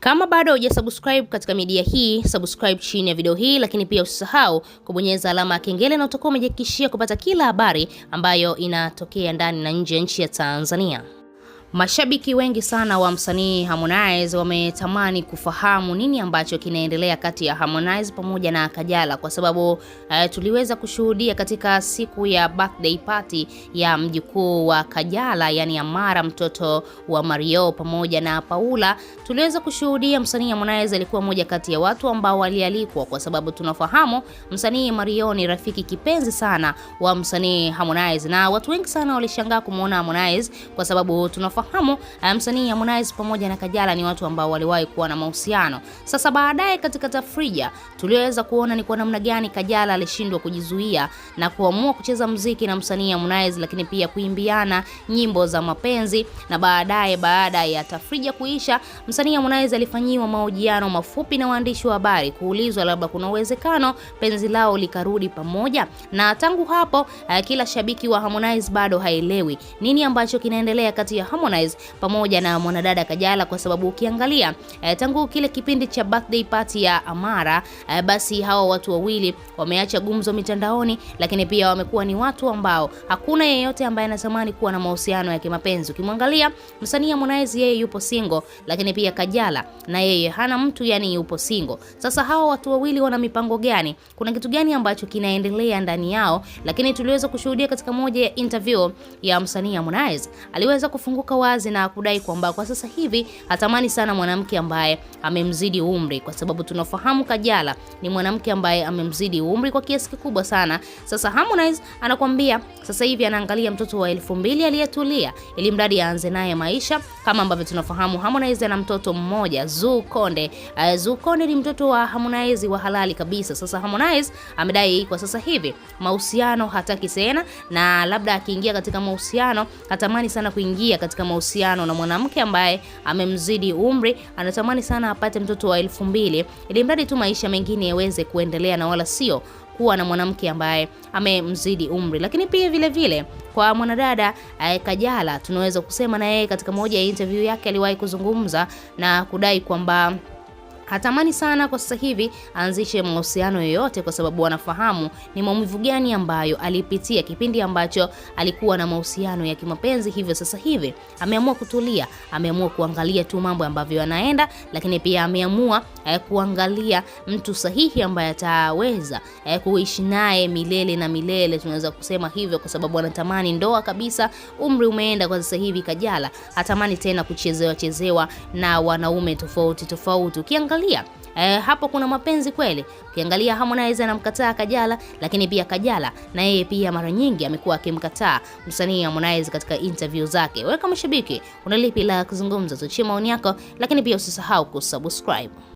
Kama bado hujasubscribe katika media hii, subscribe chini ya video hii, lakini pia usisahau kubonyeza alama ya kengele na utakuwa umejihakikishia kupata kila habari ambayo inatokea ndani na nje ya nchi ya Tanzania. Mashabiki wengi sana wa msanii Harmonize wametamani kufahamu nini ambacho kinaendelea kati ya Harmonize pamoja na Kajala kwa sababu uh, tuliweza kushuhudia katika siku ya birthday party ya mjukuu wa Kajala yani Amara mtoto wa Mario pamoja na Paula, tuliweza kushuhudia msanii Harmonize alikuwa moja kati ya watu ambao walialikwa, kwa sababu tunafahamu msanii Mario ni rafiki kipenzi sana wa msanii Harmonize, na watu wengi sana walishangaa kumuona Harmonize kwa sababu tunafahamu tunafahamu msanii Harmonize pamoja na Kajala ni watu ambao waliwahi kuwa na mahusiano. Sasa baadaye katika tafrija tuliweza kuona ni kwa namna gani Kajala alishindwa kujizuia na kuamua kucheza mziki na msanii Harmonize, lakini pia kuimbiana nyimbo za mapenzi. Na baadaye baada ya tafrija kuisha, msanii Harmonize alifanyiwa mahojiano mafupi na waandishi wa habari kuulizwa labda kuna uwezekano penzi lao likarudi pamoja, na tangu hapo eh, kila shabiki wa Harmonize bado haelewi nini ambacho kinaendelea kati ya Harmonize Harmonize pamoja na mwanadada Kajala, kwa sababu ukiangalia eh, tangu kile kipindi cha birthday party ya Amara eh, basi hawa watu wawili wameacha gumzo mitandaoni, lakini pia wamekuwa ni watu ambao hakuna yeyote ambaye anatamani kuwa na mahusiano ya kimapenzi. Ukimwangalia msanii Harmonize, yeye yupo single, lakini pia Kajala na yeye hana mtu, yani yupo single. Sasa hawa watu wawili wana mipango gani? Kuna kitu gani ambacho kinaendelea ndani yao? Lakini tuliweza kushuhudia katika moja ya interview ya msanii Harmonize aliweza kufunguka wazi na kudai kwamba kwa sasa hivi hatamani sana mwanamke ambaye amemzidi umri, kwa sababu tunafahamu Kajala ni mwanamke ambaye amemzidi umri kwa kiasi kikubwa sana. Sasa Harmonize anakwambia sasa hivi anaangalia mtoto wa elfu mbili aliyetulia, ili mradi aanze naye maisha. Kama ambavyo tunafahamu Harmonize ana mtoto mmoja Zuu Konde. Uh, eh, Zuu Konde ni mtoto wa Harmonize wa halali kabisa. Sasa Harmonize amedai kwa sasa hivi mahusiano hataki tena, na labda akiingia katika mahusiano hatamani sana kuingia katika mahusiano na mwanamke ambaye amemzidi umri, anatamani sana apate mtoto wa elfu mbili ili mradi tu maisha mengine yaweze kuendelea na wala sio kuwa na mwanamke ambaye amemzidi umri. Lakini pia vile vile kwa mwanadada eh, Kajala tunaweza kusema na yeye katika moja ya interview yake aliwahi kuzungumza na kudai kwamba hatamani sana kwa sasa hivi aanzishe mahusiano yoyote, kwa sababu anafahamu ni maumivu gani ambayo alipitia kipindi ambacho alikuwa na mahusiano ya kimapenzi. Hivyo sasa hivi ameamua kutulia, ameamua kuangalia tu mambo ambavyo yanaenda, lakini pia ameamua eh, kuangalia mtu sahihi ambaye ataweza eh, kuishi naye milele na milele, tunaweza kusema hivyo, kwa sababu anatamani ndoa kabisa. Umri umeenda kwa sasa hivi, Kajala hatamani tena kuchezewa chezewa na wanaume tofauti tofauti. Ukiangalia kuangalia E, hapo kuna mapenzi kweli. Ukiangalia Harmonize anamkataa Kajala, lakini pia Kajala na yeye pia mara nyingi amekuwa akimkataa msanii Harmonize katika interview zake. Wewe kama shabiki, una lipi la kuzungumza? Tuachie maoni yako, lakini pia usisahau kusubscribe.